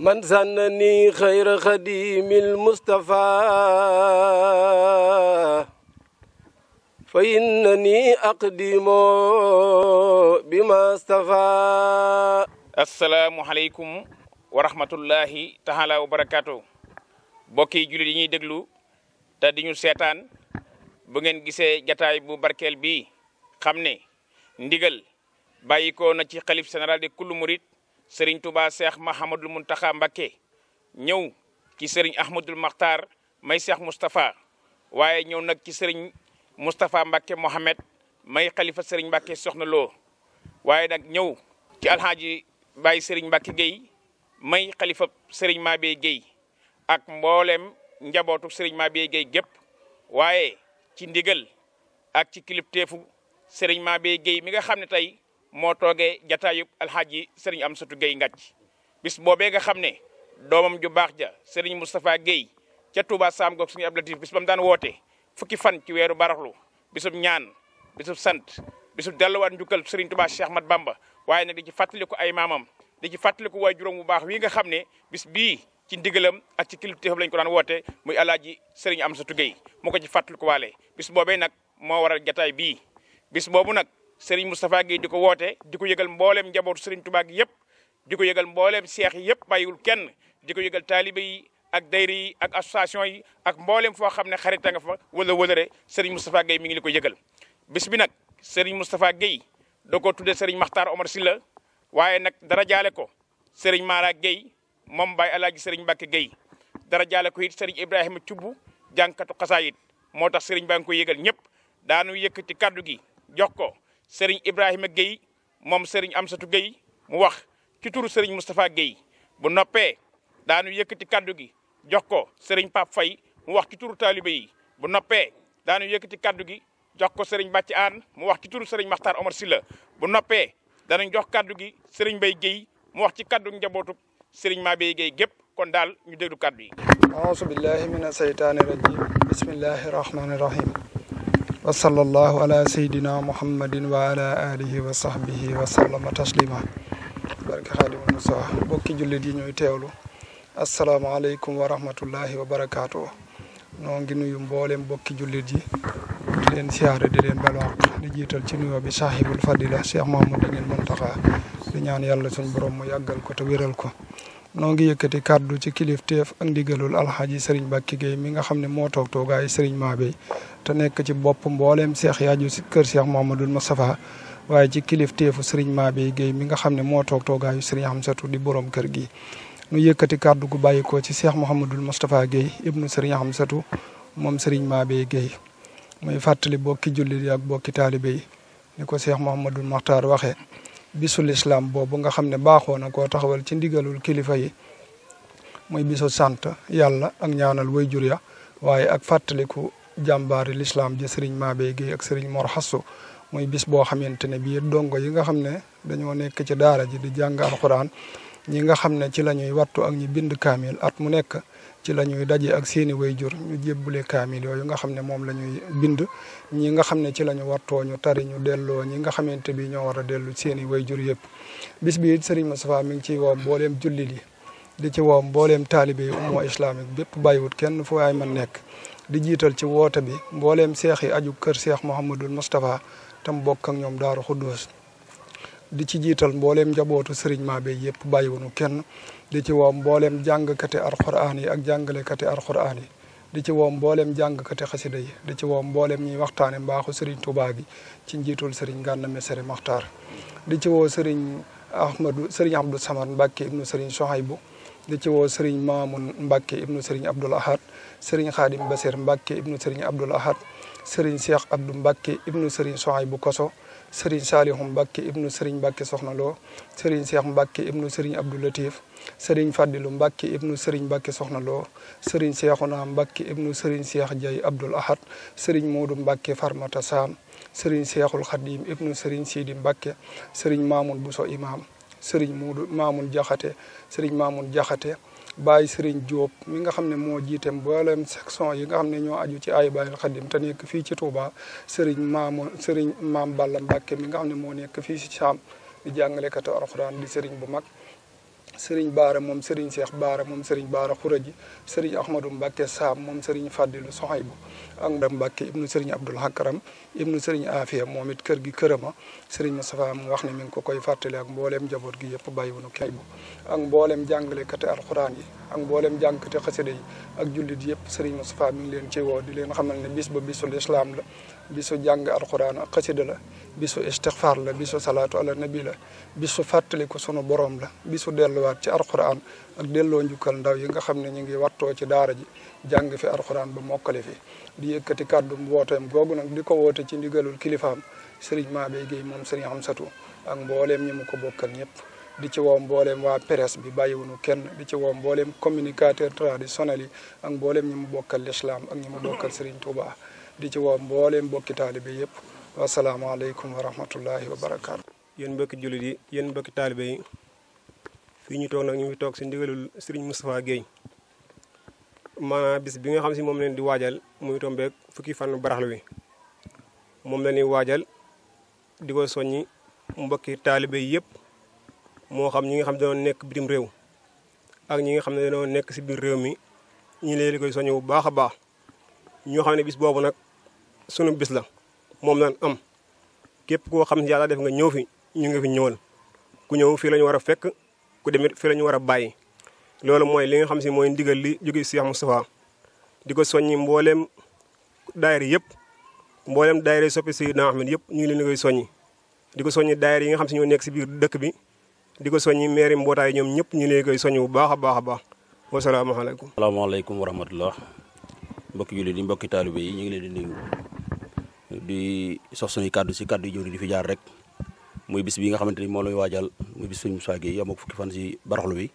من زنني خير خديم المصطفى فإنني أقدم بما استفى السلام عليكم ورحمة الله تعالى وبركاته bokki jullit yi ñuy déglu te di seetaan bu ngeen gisee jataay bu barkeel bi xam ne ndigal bàyyikoo na ci xalif seneral de kullu murit sëriñ Touba Cheikh Mahamadul Muntaxa Mbakke ñëw ki sëriñ Ahmadul Maxtaar may Cheikh Moustapha waaye ñëw nag ci sëriñ Moustapha Mbakke Mohamed may xalifa sëriñ Mbakke Soxna Lo waaye nag ñëw ci alxaaji Baye sëriñ Mbakke Guèye may xalifa sëriñ Mabé Guèye ak mboolem njabootu sëriñ Mabé Guèye gépp waaye ci ndigal ak ci kilifteefu sëriñ Mabé Guèye mi nga xam ne tey. moo toogee jataayub alxaaji sëriñ Amsatu Gueye Ngathie bis boobee nga xam ne doomam ju baax ja sëriñ Moustapha Gueye ca Touba Sam nga suñu ablatif bis ba mu daan woote fukki fan ci weeru baraxlu bisub ñaan bisub sant bisub delluwaat njukkal sëriñ Touba Cheikh Ahmad Bamba waaye nag di ci fàttaliku ay maamam di ci fàttaliku waay juróom bu baax wii nga xam ne bis bii ci ndigalam ak ci kilifteefam lañ ko daan woote muy alaaji am Amsatu Gueye moo ko ci ko waale bis boobee nag moo waral jataay bii bis boobu nag Serigne Moustapha Guèye di ko woote di ko yëgal mbooleem njabootu Serigne Touba gi yëpp di ko yëgal mbooleem seex yi yëpp wul kenn di ko yëgal taalibe yi ak dayri yi ak association yi ak mboolem foo xam ne xarita nga fa wala wëlëre Serigne Moustapha Guèye mi ngi li ko yëgal bis bi nag Serigne Moustapha Guèye doo ko tuddee Serigne Makhtar Omar Sylla waaye nag dara jaale ko Serigne Mara Guèye moom Baye Alaaji Serigne Mbacke Guèye dara jaale ko it Serigne Ibrahima Thioub jànkatu xasaayit moo tax Serigne baa ngi yëgal ñëpp daanu yëkkati kaddu gi jox ko sëriñ Ibrahima Guèye moom sëriñ Amsatou Guèye mu wax ci turu sëriñ Moustapha Guèye bu noppee daanu yëkkati kaddu gi jox ko sëriñ Pape Faye mu wax ci turu taalibe yi bu noppee daanu yëkkati kaddu gi jox ko sëriñ Bàcci ann mu wax ci turu sëriñ Makhtar Omar Sylla bu noppee danañ jox kaddu gi sëriñ Mbaye Guèye mu wax ci kaddu njabootu sëriñ Mabeye Guèye gépp kon daal ñu déglu kaddu yi. aouzu billahi mina seytaani rajim bismillahi rahmaani wa sallallahu ala sayyidina muhammadin wa ala alihi wa sahbihi taslima bokki jullit yi ñooy teewlu asalaamaaleykum wa rahmatullahi wa barakaatu noo ngi nuyu mboolem bokki jullit yi di leen siyaare di leen balwaq di jiital ci nuyoo bi saahibul fadila cheikh mahamadou ngeen muntaxa di ñaan yàlla suñ borom mu yàggal ko te wéral ko noo ngi yëkkati kàddu ci kilifteef ak ndigalul alxaaji sëriñ Bàkki Géey mi nga xam ne moo toog toogaayu sëriñ Maabey te nekk ci bopp mbooleem seex yaaju si kër seex Muhammadul Moustapha waaye ci kilifteefu sëriñ Mabey géey mi nga xam ne moo toog toogaayu sëriñ Hamsatu di borom kër gi. nu yëkkati kàddu gu ko ci seex Muhammadul Moustapha Guèye ibnu sëriñ Hamsatu moom sëriñ Mabey Guèye muy fàttali bokki jullit yi ak bokki taalibe yi ni ko seex Muhammadul Maxtaar waxee. bisul islam boobu nga xam ne baaxoo na koo taxawal ci ndigalul kilifa yi muy bisu sant yàlla ak ñaanal way jàmbaari lislaam ji sëriñ Mabé Guèye ak sëriñ Mor Xasso muy bis boo xamante ne bii dongo yi nga xam ne dañoo nekk ci daara ji di jàng alxuraan ñi nga xam ne ci la ñuy wattu ak ñi bind kaamil at mu nekk ci la ñuy daje ak seeni wayjur ñu jébbule kaamil yooyu nga xam ne moom la ñuy bind ñi nga xam ne ci la ñu wattoo ñu tari ñu delloo ñi nga xamante bi ñoo war a dellu seeni wayjur yëpp bis bi it sëriñ Moustapha mi ngi ciy woo mbooleem jullit yi di ci woo mbooleem taalibe yi umma islamique bépp bàyyiwut kenn fu waay nekk di jiital ci woote bi mbooleem seex yi aju kër seex Mouhamadul Moustapha tam bokk ak ñoom Daaru Xuddoos di ci jiital mbooleem njabootu Serigne Mabé yëpp bàyyiwunu kenn di ci woo mbooleem jàngkati alxuraan yi ak jàngalekati alxuraan yi di ci woo mbooleem jàngkati xasida yi di ci woo mbooleem ñuy waxtaane mbaaxu Serigne Touba gi ci njiitul Serigne Gana Messere Maxtaar Ahmadou Serigne Abdou Samad Mbacke ibnu Serigne Sohaybu di ci woo Serigne Mamoun Mbacke ibnu Serigne Abdoul Ahad Serigne Khadim Basir Mbacke ibnu Serigne Abdoul Ahad Serigne Cheikh Abdou Mbacke Serigne Sohaybu Koso Serigne Salihu Mbacke ibnu Serigne Mbacke Soxna Lo Serigne Cheikh Mbacke ibnu Serigne Abdou Latif Serigne Fadilu Serigne Mbacke Soxna Lo Serigne Cheikhouna Mbacke ibnu Serigne Cheikh Diaye Abdoul Ahad Serigne Modou Mbacke Farmata Sam Serigne sekhul Khadim ibnu Serigne Sidi Mbacke Serigne Mamoun Bousso Imam sëriñ Muudu Maamun Jaxate sëriñ Maamun Jaxate Baye Serigne Diop mi nga xam ne moo jiite mboolem section yi nga xam ne ñoo aju ci ay Baye Xadim te nekk fii ci Touba Serigne Maam Serigne Maam Balla Mbacke mi nga xam ne moo nekk fii ci Saam di jàngalekatu alxuraan di Serigne bu mag. Serigne Baara moom Serigne Cheikh Baara moom Serigne Baara Xuraji Serigne Ahmadou Mbacke Saam moom Serigne Fàddilu Soxaybu ak Ndam Mbàkke ibnu Serigne Abdoul Hakaram ibnu Serigne Afia moom it kër gi kërama ma Moustapha mu wax ne mi ngi ko koy fàttali ak mbooleem njaboot gi yëpp bàyyiwunu kenn ak mbooleem jàngalekati alxuraan yi ak mbooleem jàngkati xasida yi ak jullit yëpp Serigne Moustapha mi ngi leen ci woo di leen xamal ne bis ba bisu lislaam la bisu jàng alxuraan ak xasida la bisu istixfaar la bisu salaatu ala nabi la bisu fàttaliku sunu borom la bisu delluwaat ci alxuraan ak delloo njukkal ndaw yi nga xam ne ñu ngi wattoo ci daara ji jàng fi alxuraan ba mokkale fi di yëkkati kàddu wooteem googu nag di ko woote ci ndigalul kilifaam sëriñ Mabey Guèye moom sëriñ Amsatu ak mbooleem ñi mu ko bokkal ñëpp di ci woo mbooleem waa presse bi bàyyiwunu kenn di ci woo mbooleem communicateur traditionnel yi ak mbooleem ñi mu bokkal lislaam ak ñi mu bokkal sëriñ Touba di ci woo mbooleem bokki taalibe yëpp wasalaamaaleykum wa rahmatullahi wa barakaatu. yéen mbokki jullit yéen mbokki taalibe yi fii ñu toog nag ñu ngi toog si ndigalul Serigne Moustapha Guèye maanaam bis bi nga xam si moom leen di waajal muy tombeek fukki fan baraxlu wi moom la ñuy waajal di ko soññi mbokki taalibe yëpp moo xam ñi nga xam ne nekk bitim réew ak ñi nga xam ne dañoo nekk si biir réew mi ñu leen di koy soññ bu baax a baax ñoo xam ne bis boobu nag sunu bis la moom lañ am képp koo xam ne yàlla def nga ñëw fi ñu ngi fi ñëwal ku ñëw fii la ñu fekk ku demit fi la ñu war a bàyyi loolu mooy li nga xam si mooy ndigal li si Cheikh Moustapha di ko soññi mbooleem daayira yëpp mbooleem daayira soppi Seydina Ahmed yëpp ñu ngi leen di koy soññi di ko soññi daayira yi nga xam si ñoo nekk si biir dëkk bi di ko soññi maire mbootaay ñoom ñëpp ñu ngi leen koy soññi bu baax a baax a baax wasalaamaaleykum salaamaaleykum wa rahmatullah mbokki jullit yi mbokki taalibe yi ñu ngi leen di nuyu di sox suñuy kàddu si kàddu yi jëwri di fi jaar rek muy bis bi nga xamante ni moo lay waajal muy bis sëñ Moussa Gueye yom ak fukki fan si baraxlu bi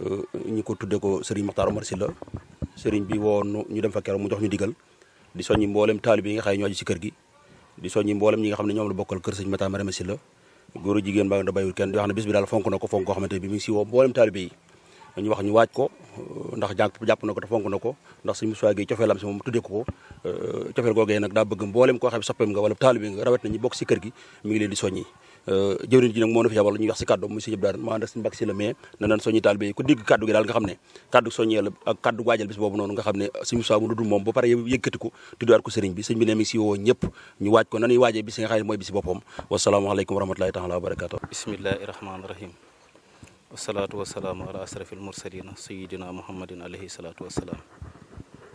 euh, ñu ko tudde ko sëriñ Maxtaar Omar Sylla sëriñ bi woon ñu dem fa keroog mu jox ñu digal di soññi mboolem taalib yi nga xam ne ñoo aju si kër gi di soññi mboolem ñi nga xam ne ñoom la bokkal kër sëñ Mata Marama Sylla góor jigéen baa nga da bàyyiwul kenn di wax ne bis bi daal fonk na ko fonk koo xamante bi mi ngi si woo mboolem taalib yi ñu wax ñu waaj ko euh, ndax jànk jàpp na ko te fonk na ko ndax suñu Moussa Gueye cofeelam si moom tuddee ko ko euh, cofeel googee nag daa bëgg mboolem koo xam ne soppeem nga wala taalibe nga rawet na ñu bokk nga xam ne kàddu soññee la ak kàddu waajal bis boobu noonu nga xam ne suñu Moussa mu dudul moom ba pare yëkkati ko tuddaat ko sëriñ bi sëriñ bi si woo ñëpp ñu waaj ko nanuy waajee bis nga xam ne mooy bis boppam wasalaamaaleykum wa rahmatullahi taala wa bismillahi wasalaatu wasalaamu ala asrafil mursalina sayidina muhammadin alayhi salaatu wasalaam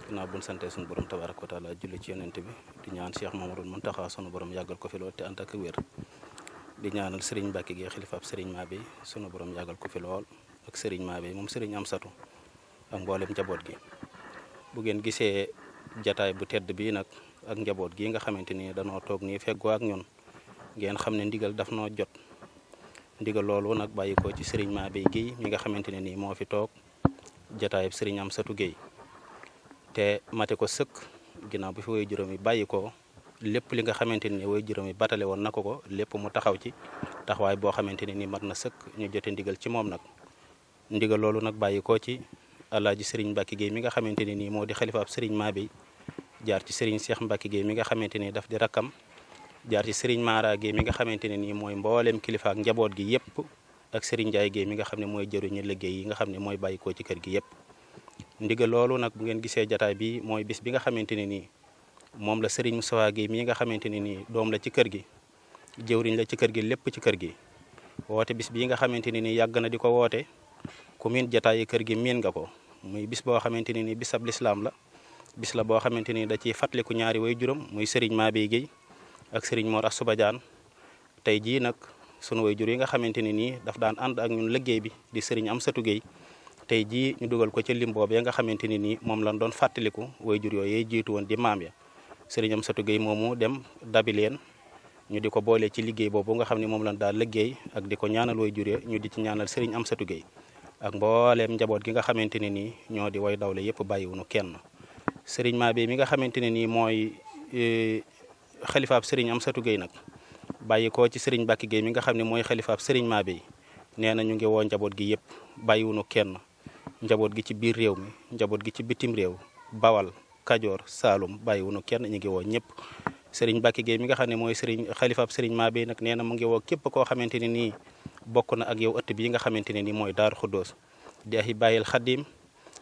ginnaaw buñ santee suñu borom tabaraka wa taala julli ci yonent bi di ñaan Cheikh Mamadou Muntaxa sunu borom yàggal ko fi lool te ànd ak wér di ñaanal sëriñ Mbàkke gi xilifaab sëriñ Mabéye sunu borom yàggal ko fi lool ak sëriñ Mabéye moom sëriñ Amsatu ak mboolem njaboot gi bu ngeen gisee jataay bu tedd bii nag ak njaboot gi nga xamante ni danoo toog nii feggoo ak ñun ngeen xam ne ndigal daf noo jot ndigal loolu nag bàyyi ci sëriñ Mabey Guèye mi nga xamante ne nii moo fi toog jataayub sëriñ am satu Guèye te mate ko sëkk ginnaaw bi fi way juróom yi bàyyi ko lépp li nga xamante ne nii way juróom yi batale woon na ko ko lépp mu taxaw ci taxawaay boo xamante ne nii mat na sëkk ñu jote ndigal ci moom nag ndigal loolu nag bàyyi ko ci alaaji sëriñ Mbacke Guèye mi nga xamante ne nii moo di xalifa ab sëriñ Mabey jaar ci sëriñ Cheikh Mbacke Guèye mi nga xamante ni daf di rakkam jaar ci Serigne Mara Gueye mi nga xamante ne nii mooy mbooleem kilifa ak njaboot gi yëpp ak Serigne Ndiaye Gueye mi nga xam ne mooy jëruñu liggéey yi nga xam ne mooy bàyyikoo ci kër gi yëpp ndigal loolu nag bu ngeen gisee jataay bi mooy bis bi nga xamante ne nii moom la Serigne Moustapha Gueye mii nga xamante ne nii doom la ci kër gi jëwriñ la ci kër gi lépp ci kër gi woote bis bii nga xamante ne nii yàgg na di ko woote ku miin jataay yi kër gi miin nga ko muy bis boo xamante ne nii bisab lislaam la bis la boo xamante ni da ciy fàttaliku ñaari way juróom muy Serigne Mabeye Gueye ak Serigne Mor Assou Badiane tey jii nag sunu waajur yi nga xamante ne nii daf daan ànd ak ñun liggéey bi di Serigne am Gueye tey jii ñu dugal ko ci lim boobu nga xamante ne nii moom lañ doon fàttaliku waajur yooyu jiitu woon di maam ya Serigne Amsatou Gueye moomu dem dabi leen ñu di ko boole ci liggéey boobu nga xam ne moom lañ daal liggéey ak di ko ñaanal waajur ya ñu di ci ñaanal Serigne Amsatou Gueye ak mbooleem njaboot gi nga xamante ne nii ñoo di way dawle yëpp bàyyiwunu kenn Serigne mi nga xamante ne mooy eh, xalifaab sëriñ Amsatou géey nag bàyyi ko ci sëriñ Bakki Gueye mi nga xam ne mooy xalifaab sëriñ Mabey nee na ñu ngi woo njaboot gi yëpp bàyyiwunu kenn njaboot gi ci biir réew mi njaboot gi ci bitim réew Bawal Kajoor Saalum bàyyiwunu kenn ñu ngi woo ñëpp sëriñ Bakki Gueye mi nga xam ne mooy sëriñ xalifaab sëriñ Mabey nag nee na mu ngi woo képp koo xamante ne nii bokk na ak yow ëtt bii nga xamante ne nii mooy daar Xuddoos di ahi bàyyil xaddiim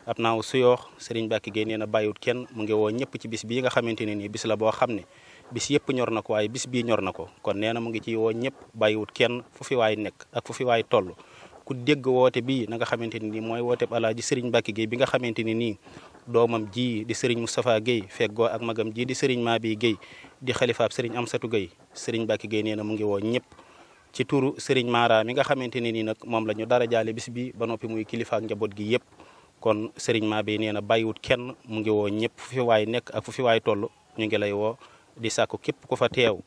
ab naaw suyoox sëriñ Bakki Gueye nee na bàyyiwut kenn mu ngi woo ñëpp ci bis bii nga xamante ne nii bis la boo xam ne bis yëpp ñor na ko waaye bis bii ñor na ko kon nee na mu ngi ci woo ñëpp bàyyiwut kenn fu fi waay nekk ak fu fi waay toll ku dégg woote bii na nga xamante ni nii mooy woote b alaaji sëriñ Mbàkke Gueye bi nga xamante ni nii doomam ji di sëriñ Moustapha Gueye feggoo ak magam ji di sëriñ Mabi Gueye di xalifaab sëriñ Amsatu Gueye sëriñ Mbàkke Gueye nee na mu ngi woo ñëpp ci turu sëriñ Mara mi nga xamante ni nii nag moom la ñu dara jaale bis bi ba noppi muy kilifa ak njaboot gi yëpp kon sëriñ Mabi nee na bàyyiwut kenn mu ngi woo ñëpp fu waay nekk ak toll ñu ngi lay woo di sàkku képp ku fa teew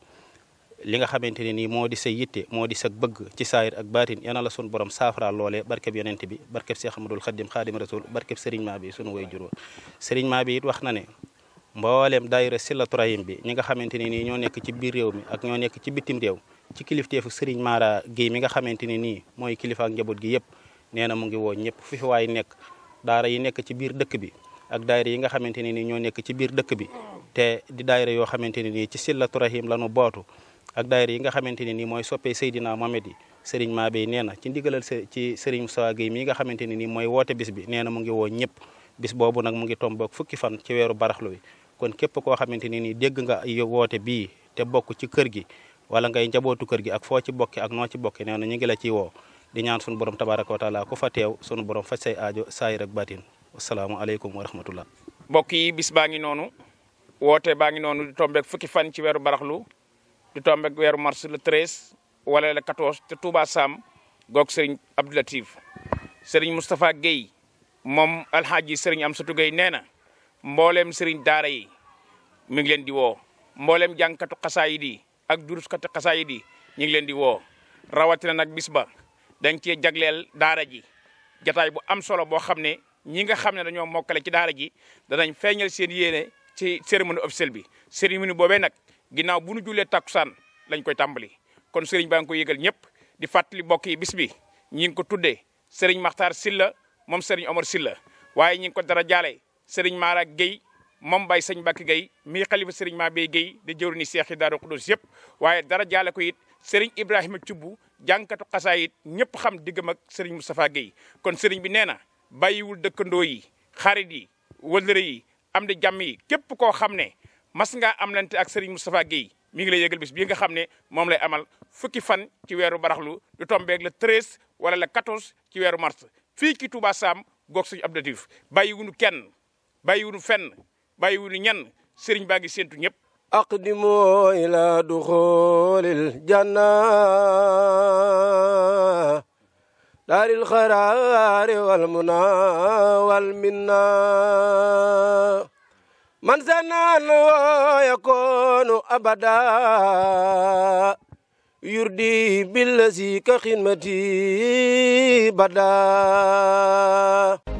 li nga xamante ne nii moo di sa yitte moo di sa bëgg ci saayir ak baatin yana la sun borom saafaraal loolee barkeb yonent bi barkeb Seex Ahmadul Xadim Xaadim Rasul barkeb sëriñ maa bi sunu way juróom sëriñ maa bi it wax na ne mbooleem daayira Silatu Rahim bi ñi nga xamante ne nii ñoo nekk ci biir réew mi ak ñoo nekk ci bitim réew ci kilifteefu sëriñ Mara Guèye mi xamante ne nii mooy kilifa ak njaboot gi yëpp nee na mu ngi woo ñëpp fi fi waay nekk daara yi nekk ci biir dëkk bi ak daayira yi nga xamante ne nii ñoo nekk ci biir dëkk bi te di daayira yoo xamante ne nii ci ne nii mooy soppee Seydina Mohamed yi Serigne Mabey nee na ci ndigalal ci Serigne Moussa Gueye nga xamante ne nii mooy woote bis bi nee na mu ngi woo ñëpp bis boobu nag mu ngi tom tomboog fukki fan ci weeru baraxlu wi kon képp koo xamante ne nii dégg nga woote bii te bokk ci kër gi wala ngay njabootu kër gi ak foo ci bokki ak noo ci bokki nee na ñu ngi la ciy woo di ñaan sunu borom tabaraka wa taala ku fa teew sunu borom fa say aajo saayir ak batin asalaamaaleykum wa rahmatullah mbokk yi woote baa ngi noonu di tombeek fukki fan ci weeru baraxlu di tombeek weeru mars le 13 wala le 14 te Touba Sam goog Serigne Abdou Latif Serigne Moustapha Guèye moom alxaaji Serigne Amsatou Guèye nee na mbooleem Serigne daara yi mi ngi leen di woo mbooleem jàngkatu xasaayid yi ak duruskatu xasaayid yi ñu ngi leen di woo rawatina nag bisba dañ cee jagleel daara ji jataay bu am solo boo xam ne ñi nga xam ne dañoo mokkale ci daara ji danañ feeñal seen yéene ci cérémonie officielle bi cérémonie boobee nag ginnaaw bu nu jullee takkusaan lañ koy tàmbali kon sëriñ baa ngi koy yëgal ñëpp di fàttali mbokk yi bis bi ñi ngi ko tuddee sëriñ Maxtaar Silla moom sëriñ Omar Silla waaye ñi ngi ko dara jaale sëriñ Mara Guèye moom bay sëñ Bakki Guèye mi xalifa sëriñ maa bay Guèye di jëwriñu seex yi Daaru Xudus yëpp waaye dara jaale ko it sëriñ Ibrahima Thioub jànkatu xasaay it ñëpp xam diggam ak sëriñ Moustapha Guèye kon sëriñ bi nee na bàyyiwul dëkkandoo yi xarit yi wëllëre yi am di jàmm yi képp koo xam ne mas ngaa am lante ak Serigne Moustapha Guèye mi ngi lay yëgal bis bii nga xam ne moom lay amal fukki fan ci weeru baraxlu du tombeeg le 13 wala le 14 ci weeru mars fii ci Touba Sam goog suñu Abdou Latif bàyyiwunu kenn bàyyiwunu fenn bàyyiwunu ñenn Serigne baa ngi séentu ñëpp aqdimu ila duxulil janna دار الخير والمنى والمنى من زنان ويكون أبدا يردي بالذي كخدمتي بدا